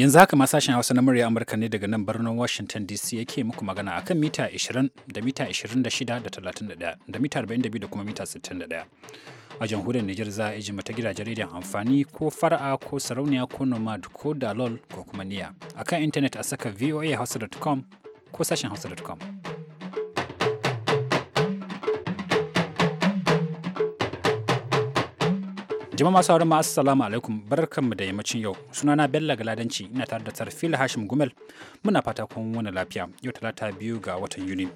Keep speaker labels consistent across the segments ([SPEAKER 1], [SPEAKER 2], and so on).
[SPEAKER 1] Yanzu haka ma sashen Hausa na murya Amurka ne daga nan birnin Washington DC yake muku magana akan mita 20 da mita 26 da 31 da mita 42 da kuma mita 61. A jamhuriyar Nijar za a iji mata gidajen rediyon amfani ko fara'a ko sarauniya ko nomad ko dalol ko kuma niya. Akan intanet a saka voahausa.com ko sashen hausa.com. Jama'a masu sauran ma assalamu alaikum barkanmu da yammacin yau sunana Bello Galadanci ina tare da Sarfil Hashim Gumel muna fata kun wani lafiya yau talata biyu ga watan Yuni.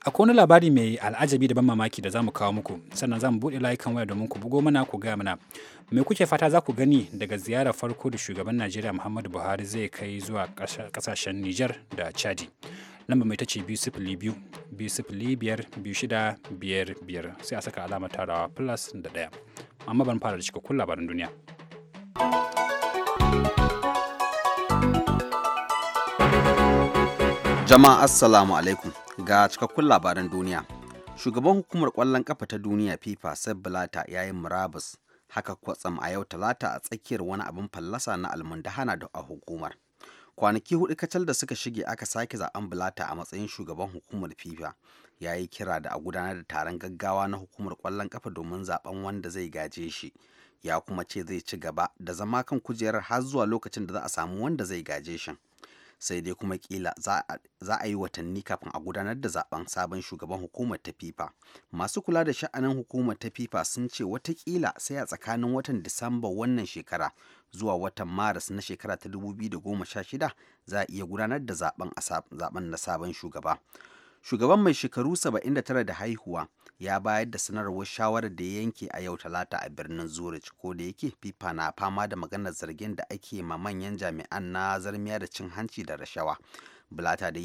[SPEAKER 1] Akwai wani labari mai al'ajabi da ban mamaki da zamu kawo muku sannan zamu buɗe layukan waya domin ku bugo mana ku gaya mana me kuke fata za ku gani daga ziyarar farko da shugaban Najeriya Muhammadu Buhari zai kai zuwa ƙasashen Nijar da Chadi. lamba mai ta ce biyu sifili biyu biyu sifili biyar biyu shida biyar biyar sai a saka alamar tarawa plus da ɗaya amma ban fara da cikakkun labaran duniya
[SPEAKER 2] jama'a assalamu alaikum ga cikakkun labaran duniya shugaban hukumar kwallon kafa ta duniya fifa sepp ya yi murabus haka kwatsam a yau talata a tsakiyar wani abin fallasa na almundahana da a hukumar kwanaki hudu kacal da suka shige aka sake zaben bulata a matsayin shugaban hukumar fifa ya yi kira da a gudanar da taron gaggawa na hukumar kwallon kafa domin zaben wanda zai gaje shi ya kuma ce zai ci gaba da zama kan kujerar har zuwa lokacin da za a samu wanda zai gaje shi. sai dai kuma kila za a yi watanni kafin a gudanar da zaben sabon shugaban hukumar ta fifa masu kula da sha'anin hukumar ta fifa sun ce watakila sai a tsakanin watan disamba wannan shekara zuwa watan maris na shekara ta 2016 za a iya gudanar da zaben na sabon shugaba shugaban mai shekaru 79 da haihuwa ya bayar da sanarwar shawarar da ya yanke a yau talata a birnin zurich ko da yake fifa na fama da maganar zargin da ake ma manyan jami'an na zarmiya da cin hanci da rashawa bulata da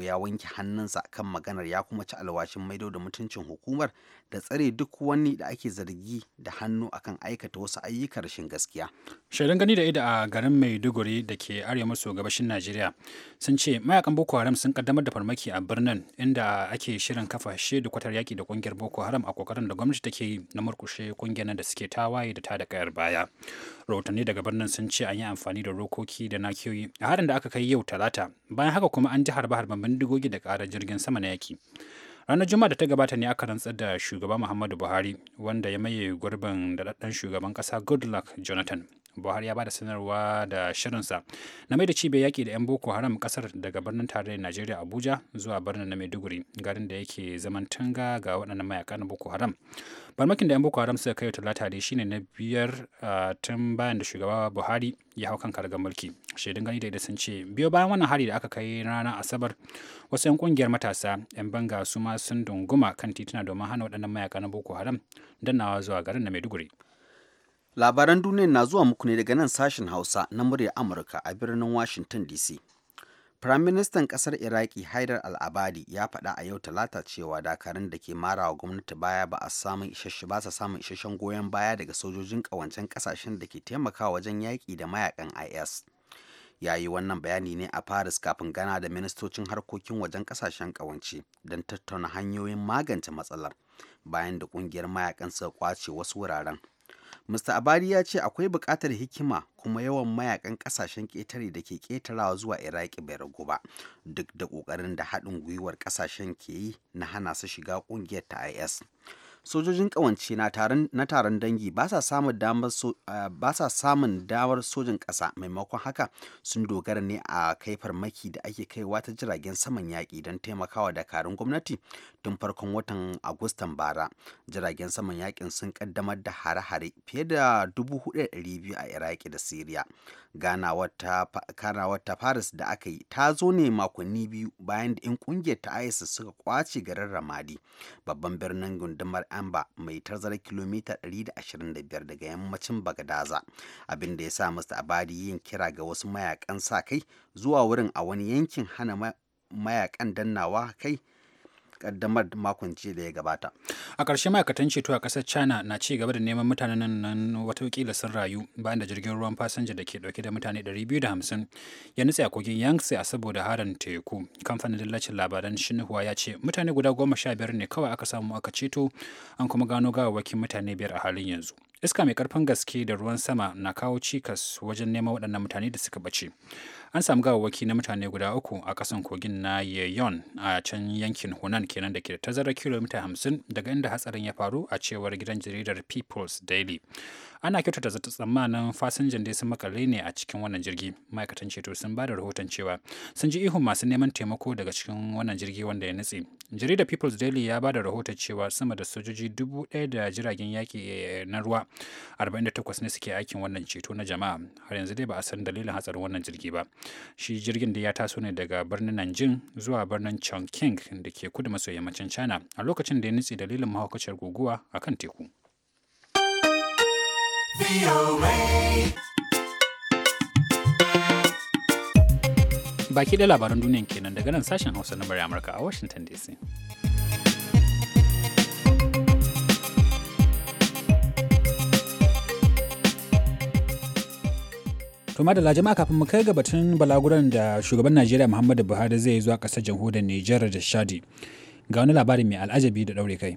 [SPEAKER 2] ya wanke hannunsa kan maganar ya kuma ci alwashin maido da mutuncin hukumar da tsare duk wani da ake zargi da hannu akan aikata wasu ayyukan rashin
[SPEAKER 1] gaskiya shaidan gani da ida a garin maiduguri da ke arewa maso gabashin najeriya sun ce mayakan boko haram sun kaddamar da farmaki a birnin inda ake shirin kafa da kwatar yaki da kungiyar boko haram a kokarin da gwamnati take yi na murkushe kungiyar da suke tawaye da tada kayar baya rahotanni daga birnin sun ce an yi amfani da rokoki da nakiyoyi a harin da aka kai yau talata bayan haka kuma an ji harba harban bindigogi da karar jirgin sama na yaki ranar juma'a da ta gabata ne aka rantsar da shugaba muhammadu buhari wanda ya maye gurbin daɗaɗɗen shugaban ƙasa goodluck jonathan buhari ya ba da sanarwa da shirinsa na mai da cibiyar yaƙi da 'yan boko haram kasar daga birnin tarayyar najeriya abuja zuwa birnin na maiduguri garin da yake zaman tanga ga waɗannan mayaka na boko haram farmakin da 'yan boko haram suka kai talata da shine na biyar tun bayan da shugaba buhari ya hau kan kargar mulki shaidun gani da sun ce biyo bayan wannan hari da aka kai ranar asabar wasu 'yan kungiyar matasa 'yan banga su ma sun dunguma kan tituna domin hana waɗannan mayaka na boko haram dannawa zuwa garin na maiduguri Labaran duniya
[SPEAKER 2] na zuwa muku ne daga nan sashen Hausa na muryar Amurka a birnin Washington DC. Firaministan ƙasar Iraki Haidar Al-Abadi ya faɗa a yau Talata cewa dakarun da ke marawa gwamnati baya ba a samu isasshe ba sa samun isasshen goyon baya daga sojojin ƙawancen ƙasashen da ke taimakawa wajen yaƙi da mayakan IS. Ya yi wannan bayani ne a Paris kafin gana da ministocin harkokin wajen ƙasashen ƙawance don tattauna hanyoyin magance matsalar bayan da ƙungiyar mayakan suka kwace wasu wuraren Mr. Abadi ya ce akwai buƙatar hikima kuma yawan mayakan ƙasashen ƙetare da ke ƙetarawa zuwa Iraki bai ragu ba duk da ƙoƙarin da haɗin gwiwar ƙasashen ke yi na hana su shiga ƙungiyar ta IS. sojojin ƙawance na taron dangi ba sa samun damar sojin ƙasa maimakon haka sun dogara ne a kai farmaki da ake kaiwa ta jiragen saman yaƙi don taimakawa dakarun gwamnati tun farkon watan agustan bara jiragen saman yaƙin sun ƙaddamar da hare-hare fiye da 4,200 a iraki da syria ganawar ta paris da aka yi ta zo ne makonni biyu bayan da in kungiyar ta isis suka kwace garin ramadi babban birnin gundumar Amba mai tazarar kilomita 125 daga yammacin Bagadaza abin da ya sa Mr. Abadi yin kira ga wasu mayakan sa kai zuwa wurin a wani yankin hana mayakan dannawa kai kaddamar makon jiya da ya gabata
[SPEAKER 1] a ƙarshe ma'aikatan ceto a ƙasar china na ci gaba da neman mutanen nan watakila sun rayu bayan da jirgin ruwan fasinja da ke ɗauke da mutane 250 ya nutse a kogin yangtze a saboda harin teku kamfanin dillacin labaran shinhua ya ce mutane guda goma sha biyar ne kawai aka samu aka ceto an kuma gano gawawwakin mutane biyar a halin yanzu iska mai karfin gaske da ruwan sama na kawo cikas wajen neman waɗannan mutane da suka bace an samu gawawwaki na mutane guda uku a kasan kogin na yeyon a can yankin hunan kenan da ke da tazarar kilomita hamsin daga inda hatsarin ya faru a cewar gidan jaridar people's daily ana kyautata zata tsammanin fasinjan dai sun makale ne a cikin wannan jirgi ma'aikatan ceto sun ba da rahoton cewa sun ji ihu masu neman taimako daga cikin wannan jirgi wanda ya nutse jaridar people's daily ya ba da rahoton cewa sama da sojoji dubu ɗaya da jiragen yaƙi eh, na ruwa 48 ne suke aikin wannan ceto na jama'a har yanzu dai ba a san dalilin hatsarin wannan jirgi ba shi jirgin da ya taso ne daga birnin nanjing zuwa birnin chongqing da ke kudu maso yammacin china a lokacin da ya nutse dalilin mahaukaciyar guguwa a kan teku baki da labaran duniyan kenan daga nan sashen hausa na bari amurka a washington dc To madalla jama'a kafin mu kai ga batun balaguran da shugaban Najeriya Muhammadu Buhari zai yi zuwa ƙasar jamhuriyar Nijar da Shadi. Ga wani labari mai al'ajabi da ɗaure kai.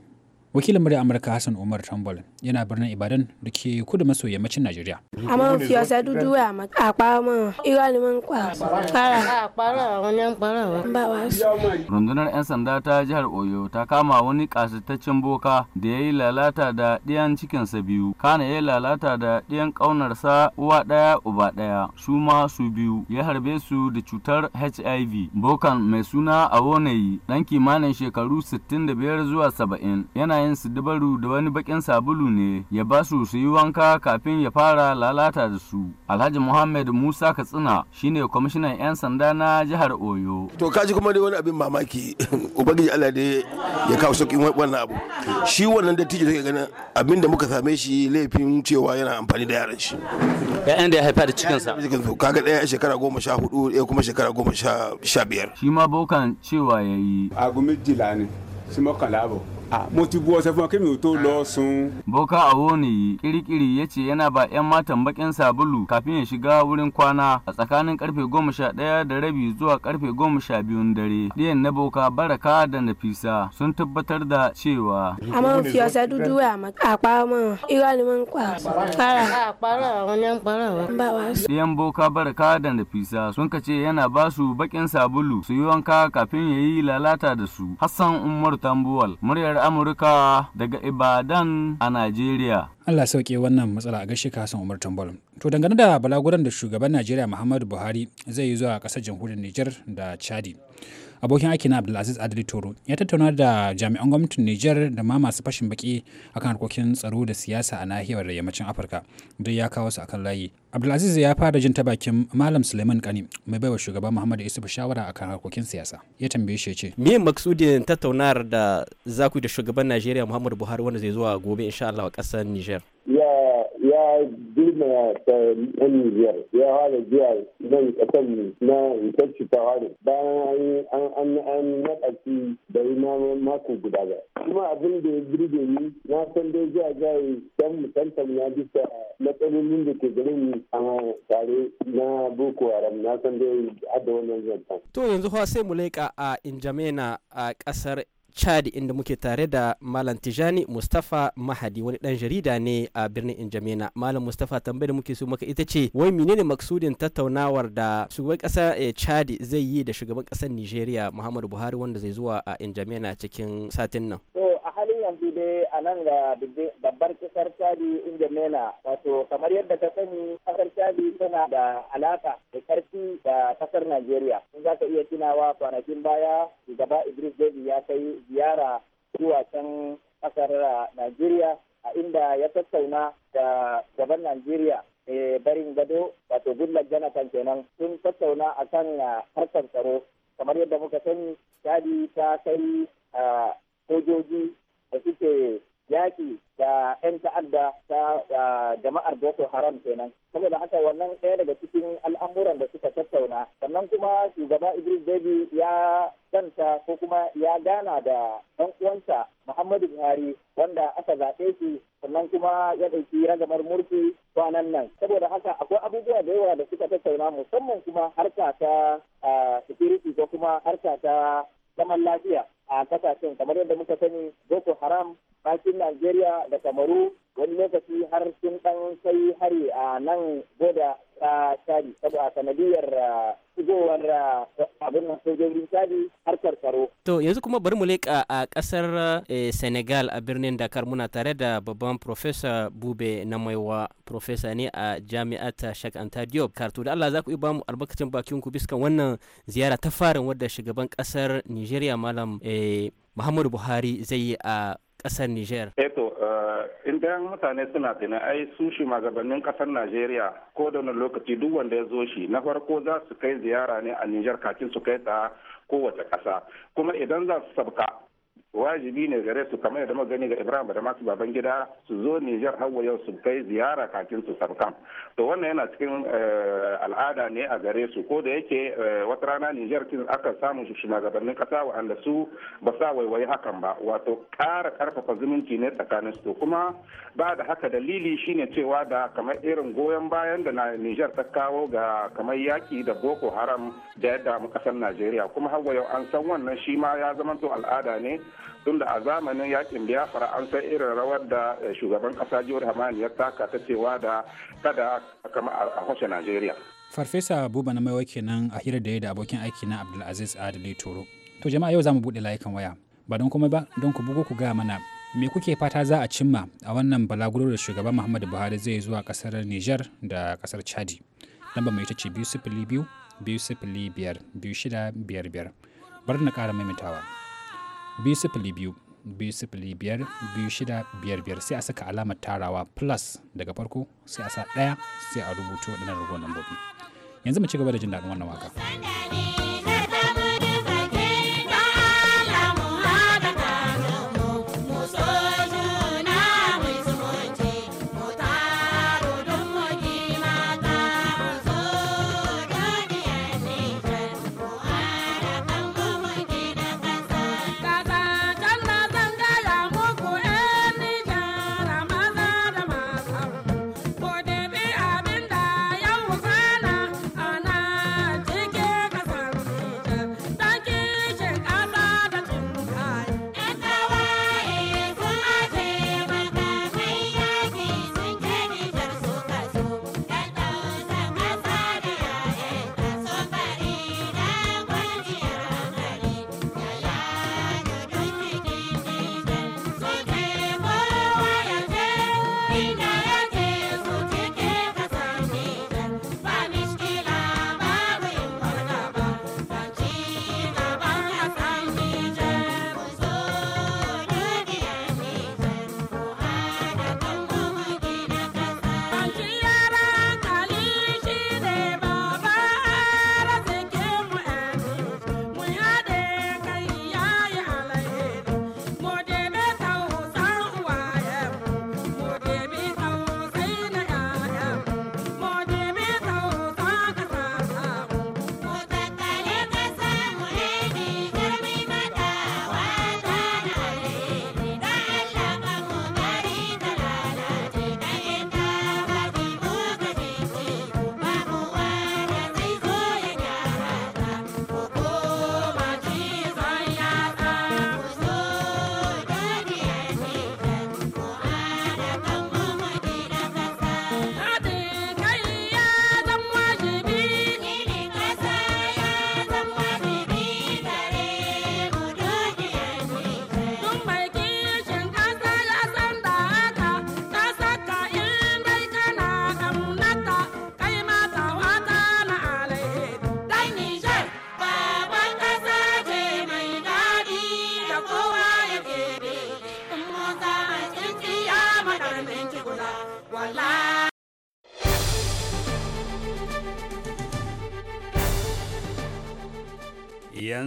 [SPEAKER 1] Wakilin murya Amurka Hassan Umar Tambol yana birnin Ibadan da ke kudu maso yammacin Najeriya. a fi ọ̀sẹ̀ dúdú
[SPEAKER 3] àpamọ́ irọ́ ni wọ́n ń pa. Para. Para àwọn ni wa. ba wa su
[SPEAKER 4] Rundunar 'yan sanda ta jihar Oyo ta kama wani kasitaccen boka da ya yi lalata da ɗiyan cikinsa biyu. Kana ya yi lalata da ɗiyan ƙaunarsa uwa ɗaya uba ɗaya. Su ma su biyu ya harbe su da cutar HIV. Bokan mai suna awonayi ɗan kimanin shekaru sittin da biyar zuwa 70 yana su dabaru da wani bakin sabulu ne ya ba su su yi wanka kafin ya fara lalata da su alhaji muhammad musa katsina shine kwamishinan 'yan sanda na jihar oyo
[SPEAKER 5] to kaji kuma dai wani abin mamaki ubangiji allah dai ya kawo sauki wannan abu shi wannan da dattijo take ganin abin da muka same shi laifin cewa yana amfani da yaran shi yan da ya haifa da cikinsa kaga ɗaya shekara goma sha hudu ɗaya kuma shekara goma
[SPEAKER 4] sha biyar shi ma bokan cewa ya yi dilani ne shi makalabo mo ti bu ọṣẹ fún ọ kí to ò tó lọ ah. sun. boka awo ne kirikiri ya ce yana ba 'yan matan bakin sabulu kafin ya shiga wurin kwana a tsakanin karfe goma sha ɗaya da rabi zuwa karfe goma sha biyun dare ɗiyan na boka baraka da nafisa sun tabbatar da cewa. a máa ń dudu
[SPEAKER 3] ọṣẹ ma wẹ̀ àpá mọ́ irọ́ ni mo kwa pa para. para àwọn ni ń para wa. n wa
[SPEAKER 4] sùn. ɗiyan boka baraka da nafisa sun kace yana ba su bakin sabulu su yi wanka kafin ya yi lalata da su. hassan umar tambuwal muryar Amurka daga Ibadan a Najeriya.
[SPEAKER 1] Allah sauke wannan matsala a gashi ka Umar Tambol. To dangane da balaguran da shugaban Najeriya Muhammadu Buhari zai yi zuwa ƙasar jamhuriyar Nijar da Chadi. abokin aiki na abdulaziz adri toro ya tattauna da jami'an gwamnatin niger da ma masu fashin baki akan harkokin tsaro da siyasa a nahiyar da yammacin afirka duk ya kawo su akan layi abdulaziz ya fara jin ta bakin malam suleiman kani mai baiwa shugaban muhammadu isufu shawara akan harkokin siyasa ya tambaye shi ya ce
[SPEAKER 6] me maksudin tattaunawar da zaku da shugaban najeriya muhammadu buhari wanda zai zuwa gobe insha allah a kasar niger
[SPEAKER 1] ya girma
[SPEAKER 7] ta yan Nijar ya fara zuwa nan kasar na rikarci ta ware bayan an naɗaci da yi mako guda ba. Kuma abin da ya girge ni na san dai zuwa jari don mutantar na bisa matsalolin da ke garin ni a tare na Boko Haram na san dai hada wannan zantan. To
[SPEAKER 6] yanzu fa sai mu leƙa a Injamena a ƙasar chad inda muke tare da malam tijani mustafa mahadi wani dan jarida ne a birnin injamena malam mustafa tambayar da muke so maka ita ce wai menene maksudin tattaunawar da shugaban kasa eh, chad zai yi da shugaban kasar nigeria muhammadu buhari wanda zai zuwa a injamena cikin satin nan
[SPEAKER 7] eh, wannan dai a nan ga babbar kasar Chadi inda mena wato kamar yadda ta sani kasar Chadi tana da alaka da karfi da kasar Najeriya. In za ka iya tunawa kwanakin baya shugaba Idris Deby ya kai ziyara zuwa can kasar uh, Najeriya a inda ya tattauna da gaban Najeriya eh, barin gado wato gullar janatan kenan sun tattauna a kan uh, harkar tsaro kamar yadda muka sani Chadi ta kai uh, sojoji da suke yaki da 'yan ta'adda ta jama'ar Boko Haram kenan. Saboda haka wannan ɗaya daga cikin al'amuran da suka tattauna. Sannan kuma shugaba Idris Deby ya danta ko kuma ya gana da ɗan uwansa Muhammadu Buhari wanda aka zaɓe shi sannan kuma ya ɗauki ragamar mulki kwanan nan. Saboda haka akwai abubuwa da yawa da suka tattauna musamman kuma harka ta security ko kuma harka ta zaman lafiya. a kasashen kamar yadda muka sani boko haram bakin najeriya da kamaru wani lokaci har sun dan kai hari a nan goda ta Chadi saboda sanadiyar uh, shigowar uh, abin nan sojojin harkar tsaro.
[SPEAKER 6] To yanzu kuma bari mu leƙa a ƙasar eh, Senegal a birnin Dakar muna tare da babban Profesa Bube na Maiwa Profesa ne a Jami'at Shak Anta Diop. Karto da Allah za ku yi bamu albarkacin bakin ku biskan wannan ziyara ta farin wadda shugaban ƙasar Nigeria Malam eh, Muhammadu Buhari zai yi a ƙasar Nijar?
[SPEAKER 7] Eto, eh eh, idan mutane suna tuna ai su magabannin ƙasar Najeriya ko da wani lokaci duk wanda ya zo shi na farko za su kai ziyara ne a Nijar kafin su kai ta kowace ƙasa. Kuma idan za su sabka wajibi ne gare su kamar yadda gani ga ibrahim da masu baban gida su zo nijar hawa yau su kai ziyara kafin su sarkam to wannan yana cikin eh, al'ada ne a gare su ko da yake eh, wata rana nijar kin aka samu shugabannin kasa wa'anda su ba sa waiwayi hakan ba wato kara karfafa zumunci ne tsakanin su kuma ba da haka dalili shine cewa da kamar irin goyon bayan da nijar ta kawo ga kamar yaki da boko haram da yadda mu kasar najeriya kuma hawa yau an san wannan shi ma ya zamanto al'ada ne tunda a zamanin yakin biyafara an san irin rawar da eh, shugaban kasa jihar hamani ya taka ta cewa da kada kama a hoshe najeriya
[SPEAKER 1] farfesa buba na maiwa kenan a hira da ya da abokin aiki na abdulaziz adalai toro to jama'a yau za mu buɗe layukan waya ba don komai ba don ku bugu ku gaya mana me kuke fata za a cimma a wannan balaguro da shugaban muhammadu buhari zai zuwa kasar niger da kasar chadi lamba mai ita ce biyu sifili biyu biyu sifili biyar biyu shida biyar biyar bari na ƙara maimaitawa biyu biyar sai a saka alamar tarawa plus daga farko sai a sa ɗaya sai a rubuto waɗannan ragon nan yanzu mu ci gaba da jin daɗin wannan waka.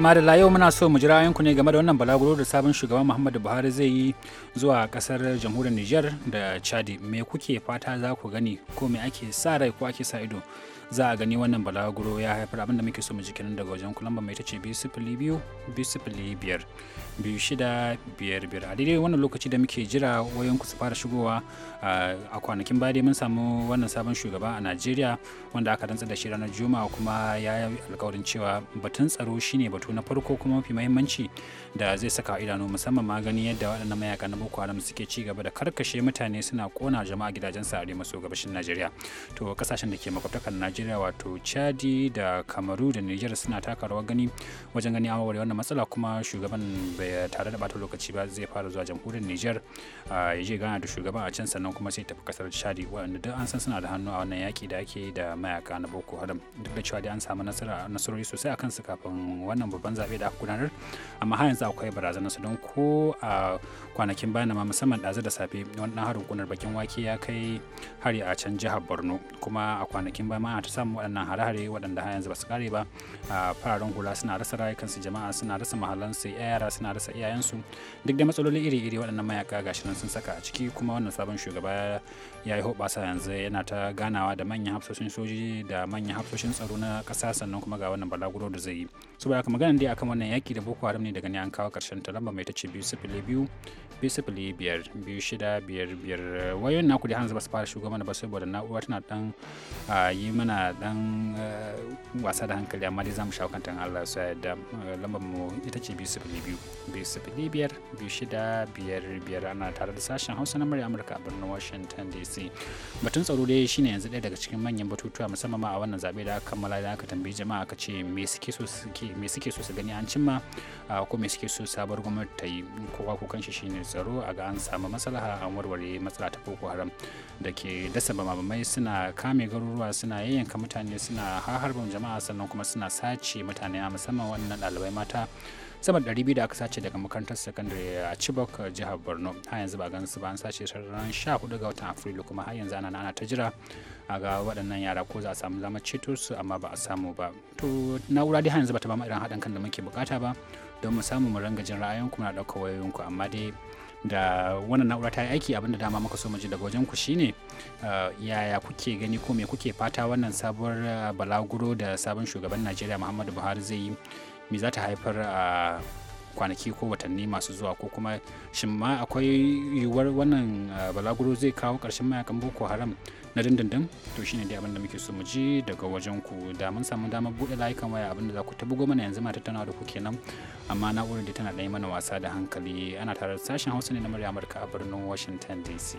[SPEAKER 1] madala yau muna so mu jira yanku ne game da wannan balaguro da sabon shugaban muhammadu buhari zai yi zuwa kasar jamhuriyar niger da chadi me kuke fata za ku gani ko me ake sa rai ko ake sa ido za a gani wannan balaguro ya haifar abinda muke so mu jikin daga wajen kulamba mai ta ce biyu sifili biyu biyu sifili biyar biyu biyar biyar a daidai wannan lokaci da muke jira wayan su fara shigowa ah, a kwanakin baya dai mun samu wannan sabon shugaba a najeriya wanda aka rantsa da shi ranar juma'a kuma ya yi alkawarin cewa batun tsaro shine batu na farko kuma mafi mahimmanci da zai saka idanu musamman ma gani yadda waɗannan mayaka na boko haram suke ci gaba da karkashe mutane suna kona jama'a gidajen sa arewa maso gabashin najeriya to kasashen da ke makwabtakar najeriya wato chadi da kamaru da niger suna taka rawar gani wajen gani a wannan matsala kuma shugaban bai ba tare da bata lokaci ba zai fara zuwa jamhuriyar Nijar ya je gana da shugaban a can sannan kuma sai tafi kasar Chadi wanda duk an san suna da hannu a wannan yaki da ake da mayaka na Boko Haram duk da cewa dai an samu nasara nasarori sosai akan su kafin wannan babban zabe da aka gudanar amma har yanzu akwai barazana su don ko a kwanakin bayan ma musamman ɗazu da safe wannan harin kunar bakin wake ya kai hari a can jihar Borno kuma a kwanakin bayan ma ta samu waɗannan hare-hare waɗanda har yanzu ba su kare ba a fararen hula suna rasa rayukansu jama'a suna rasa mahallansu yara suna rasa iyayensu duk da matsaloli iri-iri waɗannan mayaka gashi nan sun saka a ciki kuma wannan sabon shugaba ya yi hoɓasa yanzu yana ta ganawa da manyan hafsoshin soji da manyan hafsoshin tsaro na ƙasa sannan kuma ga wannan balaguro da zai yi su ba haka magana dai akan wannan yaki da boko haram ne daga ne an kawo ƙarshen ta lamba mai ta ce biyu sifili biyu biyu sifili biyar biyu shida biyar biyar wayoyin naku da hanzu ba su fara shugo mana ba saboda na'ura tana dan yi mana dan wasa da hankali amma dai za mu shawo kantan Allah su yadda lamba mu ita ce biyu sifili biyu biyu sifili biyar biyu shida biyar biyar ana tare da sashen hausa na murya amurka a birnin washington dc batun tsaro dai shine yanzu ɗaya daga cikin manyan batutuwa musamman ma a wannan zaɓe da aka kammala da aka tambayi jama'a aka ce me suke so su gani an cimma ko me suke so sabar gwamnati ta yi kowa ko kanshi shine tsaro a ga an samu maslaha an warware matsala ta boko haram da ke dasa bamabamai suna kame garuruwa suna yayyanka mutane suna harban jama'a sannan kuma suna sace mutane a musamman wannan ɗalibai mata sama da 200 da aka sace daga makarantar sakandare a Chibok jihar Borno har yanzu ba gan su ba an sace su ran 14 ga watan Afrilu kuma har yanzu ana ana ta jira a ga waɗannan yara ko za a samu zama ceto su amma ba a samu ba to na'ura dai har yanzu ba ta ba mu irin haɗin kan da muke bukata ba don mu samu mu ranga jin ra'ayoyinku na wayoyin ku amma dai da wannan na'ura ta yi aiki abinda dama muka so mu ji daga wajen ku shine eh, yaya kuke gani ko me kuke fata wannan sabuwar eh, balaguro da sabon shugaban Najeriya Muhammadu Buhari zai yi me za ta haifar a kwanaki ko watanni masu zuwa ko kuma shin ma akwai yiwuwar wannan balaguro zai kawo ƙarshen mayakan boko haram na dindindin to shine dai abin da muke so mu ji daga wajen ku da mun samu damar buɗe layukan waya abin za ku tabugo mana yanzu ma tattaunawa da ku kenan amma na'urar da tana ɗaya mana wasa da hankali ana tare da sashen hausa ne na murya amurka a birnin washington dc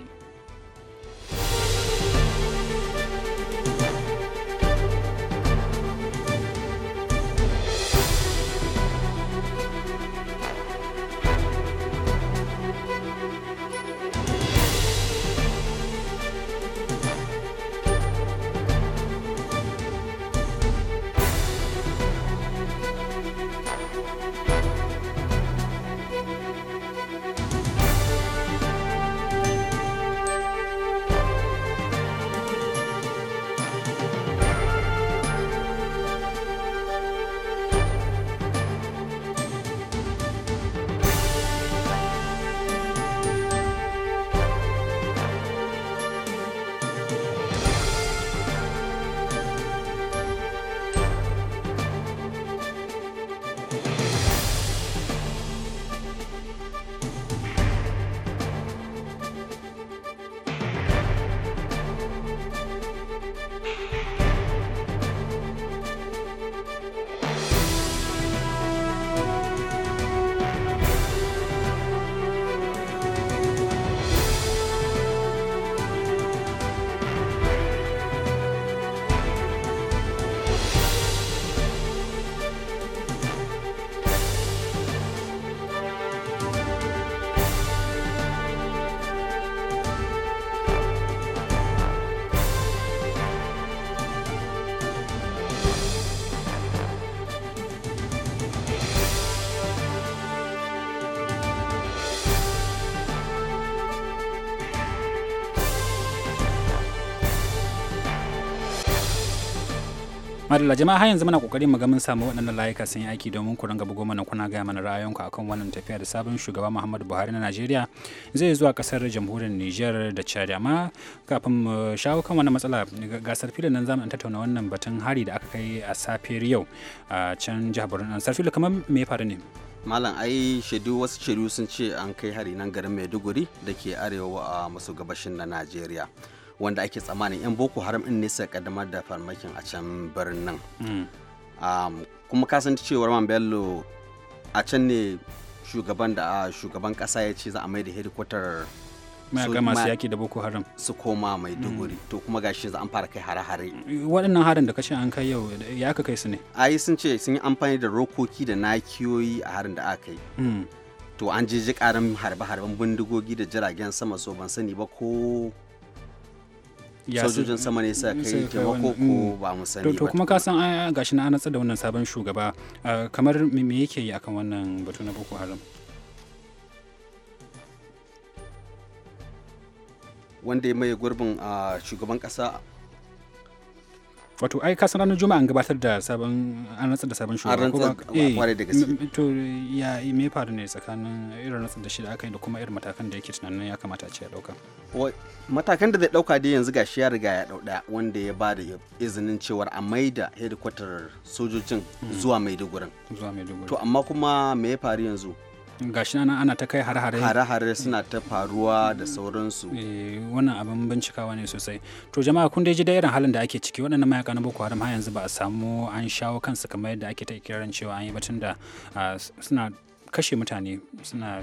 [SPEAKER 1] madalla jama'a har yanzu muna kokarin mu ga mun samu waɗannan layuka sun yi aiki domin ku ranga bugo mana kuna gaya mana ra'ayoyinku akan wannan tafiya da sabon shugaba Muhammadu Buhari na Najeriya zai zuwa kasar jamhuriyar Niger da Chad amma kafin mu shawo kan wannan matsala ga filin nan zamu tattauna wannan batun hari da aka kai a safiyar yau a can jihar Borno sarfilu kamar me ya faru ne
[SPEAKER 2] malam ai shaidu wasu shaidu sun ce an kai hari nan garin maiduguri da ke arewa a maso gabashin na najeriya wanda ake tsammanin 'yan boko haram in ne kaddamar da farmakin a can birnin hmm. kuma kasan cewar man bello a can ne shugaban da shugaban kasa ya ce za a mai da hedikwatar
[SPEAKER 1] masu yaki
[SPEAKER 2] da boko haram su koma mai duguri hmm. to kuma gashi za an fara kai hare-hare
[SPEAKER 1] waɗannan harin da kashe an kai yau ya aka kai su ne ayi sun
[SPEAKER 2] ce sun yi amfani da rokoki da nakiyoyi a harin da aka yi hmm. to an jeji karin harbe-harben bindigogi da jiragen sama so ban sani ba ko sojojin sama ne sa kai taimako ko mm. ba mu sani to kuma
[SPEAKER 1] ka san ah, gashi na anatsa da wannan sabon shugaba ah, kamar me yake yi akan wannan batu na boko haram
[SPEAKER 2] wanda ya maye gurbin ah, shugaban
[SPEAKER 1] kasa wato ai ka ranar juma'a an gabatar da sabon an rantsar da sabon shugaba ko ba kwarai eh. da gaske to ya me faru ne tsakanin irin rantsar da shi da aka yi da kuma irin matakan da yake tunanin ya kamata a ce ya dauka
[SPEAKER 2] matakan da zai dauka dai yanzu gashi ya riga ya dauda wanda ya bada izinin cewar a maida headquarter sojojin hmm. zuwa maiduguri zuwa maiduguri to amma kuma me ya faru yanzu gashi nan ana ta kai har hare har hare suna ta faruwa da sauransu
[SPEAKER 1] eh, wannan abin bincikawa ne sosai to jama'a kun dai ji da irin halin da ake ciki waɗannan mayaka na boko haram har yanzu ba a samu an shawo kansu kamar yadda ake ta ikirarin cewa an yi batun da ah, suna kashe mutane suna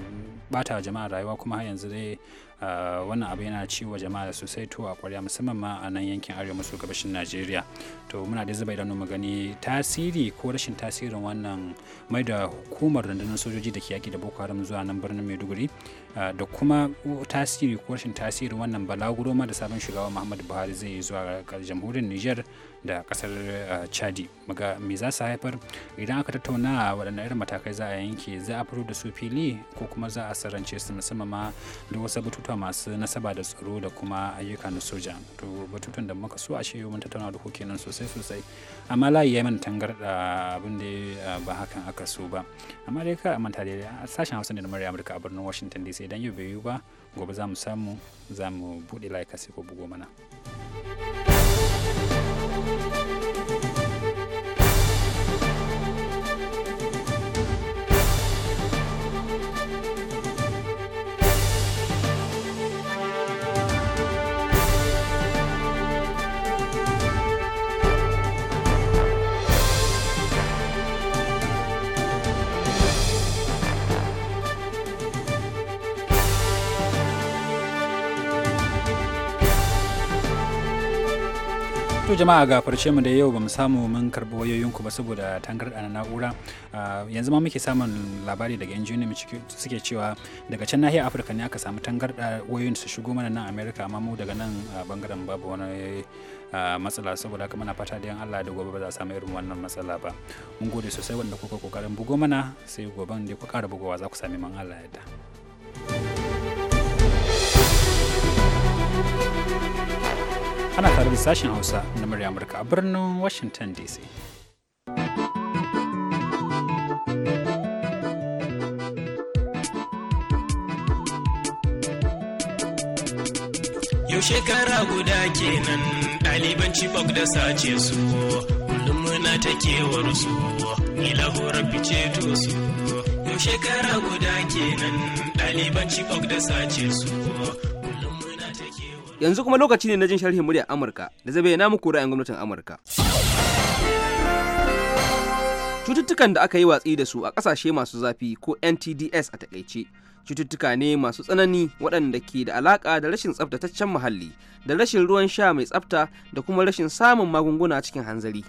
[SPEAKER 1] bata jama'a rayuwa kuma har yanzu dai Ah, wannan abu yana ciwo jama'a sosai to a kwarya musamman ma a nan yankin arewa maso gabashin najeriya to muna da zuba idanu mu gani tasiri ko rashin tasirin wannan mai da hukumar rundunar sojoji da ke yaki da boko haram zuwa nan birnin maiduguri Ah, da kuma tasiri ko rashin tasiri wannan balaguro ma da sabon shugaban muhammadu buhari zai yi zuwa jamhuriyar niger da kasar ah, chadi maga me za su haifar idan aka tattauna waɗannan irin matakai za a yanke za a fito da su fili ko kuma za a sarance su musamman ma da wasu batutuwa masu nasaba da tsaro da kuma ayyuka na soja to batutuwan da muka so a shi mun tattauna da nan sosai sosai amma layi ya mana tangarɗa ah, abin da ba hakan aka so ba amma dai ka manta da sashen hausa da na murya amurka a birnin washington dc sai dan yau bai yiwu ba gobe za mu samu za mu buɗe layuka sai ko bugo mana. to jama'a ga farce mu da yau ba mu samu mun karɓi wayoyinku ba saboda tangarɗa na na'ura ah, yanzu ma muke samun labari daga yan juni suke cewa daga can nahiyar afirka ne aka samu tangarɗa wayoyin su shigo mana nan america amma mu daga nan ah, bangaren babu wani ah, matsala saboda haka muna fata da yan allah da gobe ba za a samu irin wannan matsala ba mun gode sosai wanda kuka kokarin bugo mana sai goben da ku kara bugowa za ku sami man allah yadda. ana tare da sashen hausa na murya amurka a birnin washington dc
[SPEAKER 6] yau shekara guda kenan ɗaliban chibok da sace su kullum muna ta kewar su ni lahorar fice to su yau shekara guda kenan ɗaliban chibok da sace su
[SPEAKER 5] Yanzu kuma lokaci ne na jin sharhin muryar Amurka da zai bayyana muku ra'ayin gwamnatin Amurka. Cututtukan da aka yi watsi da su a ƙasashe masu zafi ko NTDS a takaice. Cututtuka ne masu tsanani waɗanda ke da alaƙa da rashin tsaftataccen muhalli, da rashin ruwan sha mai tsafta da kuma rashin samun magunguna cikin hanzari.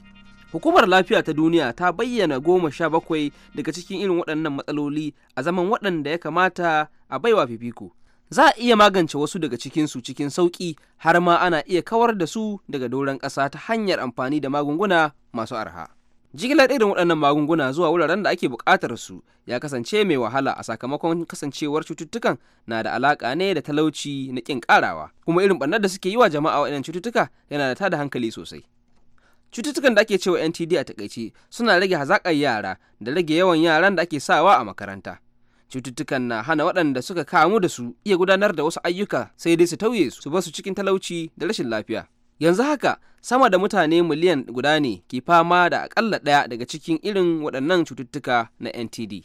[SPEAKER 5] hukumar lafiya ta duniya ta bayyana goma sha bakwai daga cikin irin waɗannan matsaloli a zaman waɗanda ya kamata a baiwa fifiko za a iya magance wasu daga cikinsu cikin sauƙi har ma ana iya kawar da su daga doron ƙasa ta hanyar amfani da magunguna masu arha. Jigilar irin waɗannan magunguna zuwa wuraren da ake buƙatar su ya kasance mai wahala a sakamakon kasancewar cututtukan na da alaƙa ne da talauci na ƙin ƙarawa, kuma irin ɓarnar da suke yi wa jama'a waɗannan cututtuka yana da tada hankali sosai. Cututtukan da ake cewa NTD a takaice suna rage hazaƙar yara da rage yawan yaran da ake sawa a makaranta. cututtukan na hana waɗanda suka kamu da su iya gudanar da wasu ayyuka sai dai su tauye su su basu cikin talauci da rashin lafiya yanzu haka sama da mutane miliyan guda ne ke fama da akalla ɗaya daga cikin irin waɗannan cututtuka na ntd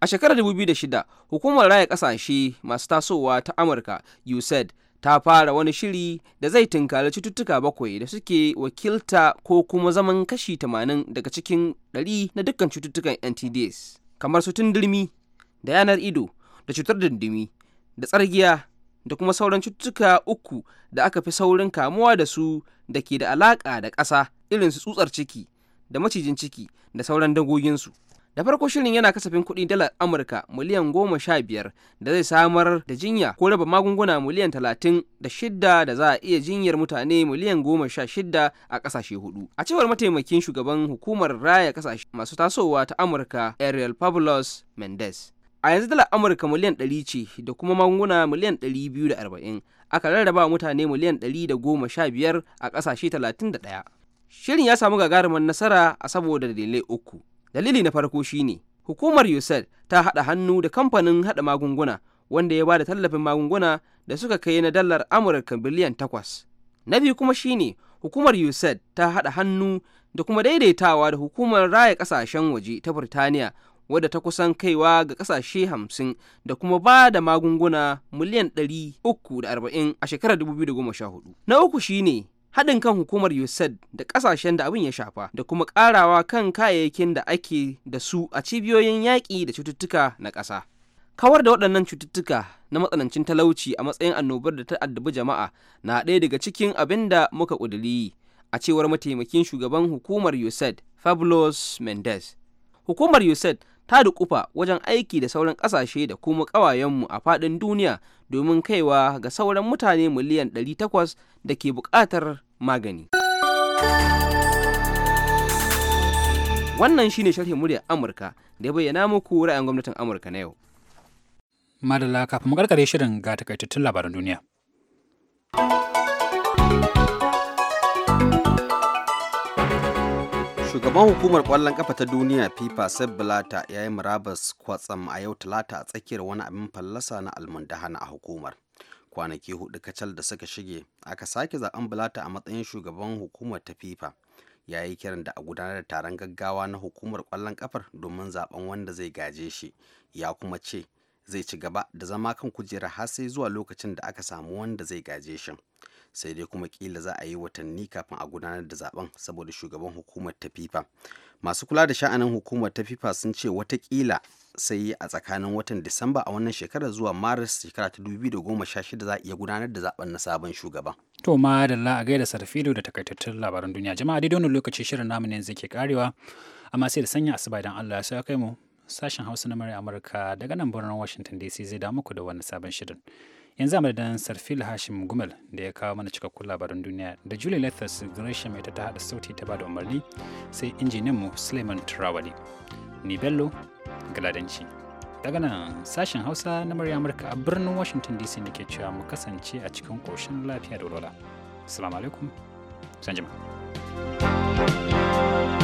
[SPEAKER 5] a shekarar 2006 hukumar raya ƙasashe masu tasowa ta amurka usaid ta fara wani shiri da zai tunkari cututtuka bakwai da suke wakilta ko kuma zaman kashi 80 daga cikin 100 na dukkan cututtukan ntds kamar su tundurmi da yanar ido da cutar dindimi da tsargiya da kuma sauran cututtuka uku da aka fi saurin kamuwa da su da ke da alaƙa da ƙasa irin su tsutsar ciki da macijin ciki da sauran dangoginsu da farko shirin yana kasafin kuɗi dalar amurka miliyan goma sha biyar da zai samar da jinya ko raba magunguna miliyan talatin da shidda da za a iya jinyar mutane miliyan goma sha shidda a ƙasashe hudu a cewar mataimakin shugaban hukumar raya ƙasashe masu tasowa ta amurka ariel pablos mendes a yanzu dalar amurka miliyan 100 ce da kuma magunguna miliyan 240 aka rarraba mutane miliyan 115 a ƙasashe 31 shirin ya samu gagarumin nasara a saboda dalilai uku dalili na farko shine hukumar usaid ta haɗa hannu da kamfanin haɗa magunguna wanda ya ba da tallafin magunguna da suka kai na dalar amurka biliyan 8 na biyu kuma shine hukumar usaid ta haɗa hannu da kuma daidaitawa da hukumar raya ƙasashen waje ta burtaniya wadda ta kusan kaiwa ga kasashe hamsin da kuma ba da magunguna miliyan ɗari uku da arba'in a shekarar dubu biyu da goma sha hudu. Na uku shine haɗin kan hukumar USAID da ƙasashen da abin ya shafa da kuma ƙarawa kan kayayyakin da ake da su a cibiyoyin yaƙi da cututtuka na ƙasa. Kawar da waɗannan cututtuka na matsanancin talauci a matsayin annobar da ta addabi jama'a na ɗaya daga cikin abin da muka ƙudiri a cewar mataimakin shugaban hukumar USAID Fabulous Mendes. Hukumar USAID ta rikufa wajen aiki da sauran ƙasashe da kuma ƙawayenmu a faɗin duniya domin kaiwa ga sauran mutane miliyan 800 da ke buƙatar magani. Wannan shine sharhin muryar Amurka da ya bayyana muku ra'ayin gwamnatin Amurka na yau. Madalla
[SPEAKER 1] kafin mu karkare shirin ga takaitattun labaran duniya. shugaban hukumar kwallon kafa ta
[SPEAKER 2] duniya fifa sepp blatter ya yi murabas kwatsam a yau talata a tsakiyar wani abin fallasa na almundahana a hukumar kwanaki hudu kacal da suka shige aka sake zaben blatter a matsayin shugaban hukumar ta fifa ya yi kiran da a gudanar da taron gaggawa na hukumar kwallon kafar domin zaben wanda zai gaje shi ya kuma ce zai ci gaba da zama kan kujera har sai zuwa lokacin da aka samu wanda zai gaje shi sai dai kuma kila za a yi watanni kafin a gudanar da zaben saboda shugaban hukumar ta fifa masu kula da sha'anin hukumar ta fifa sun ce watakila sai a tsakanin watan disamba a wannan shekarar zuwa maris shekara ta 2016 za a iya gudanar da zaben na sabon shugaban.
[SPEAKER 1] to ma da a gaida sarfilo da takaitattun labaran duniya jama'a daidai wani lokaci shirin namu ne zai ke karewa amma sai da sanya asuba idan allah ya sa kai mu sashen hausa na murya amurka daga nan birnin washington dc zai da muku da wani sabon shirin yanzu a madadin sarfil hashim gumal da ya kawo mana cikakkun labaran duniya da julie lethers gresham ita ta hada sauti ta bada umarni sai mu suleiman turawali ni bello galadanci daga nan sashen hausa na murya amurka a birnin washington dc ne ke cewa mu kasance a cikin koshin lafiya da walwala assalamu alaikum sanjima thank you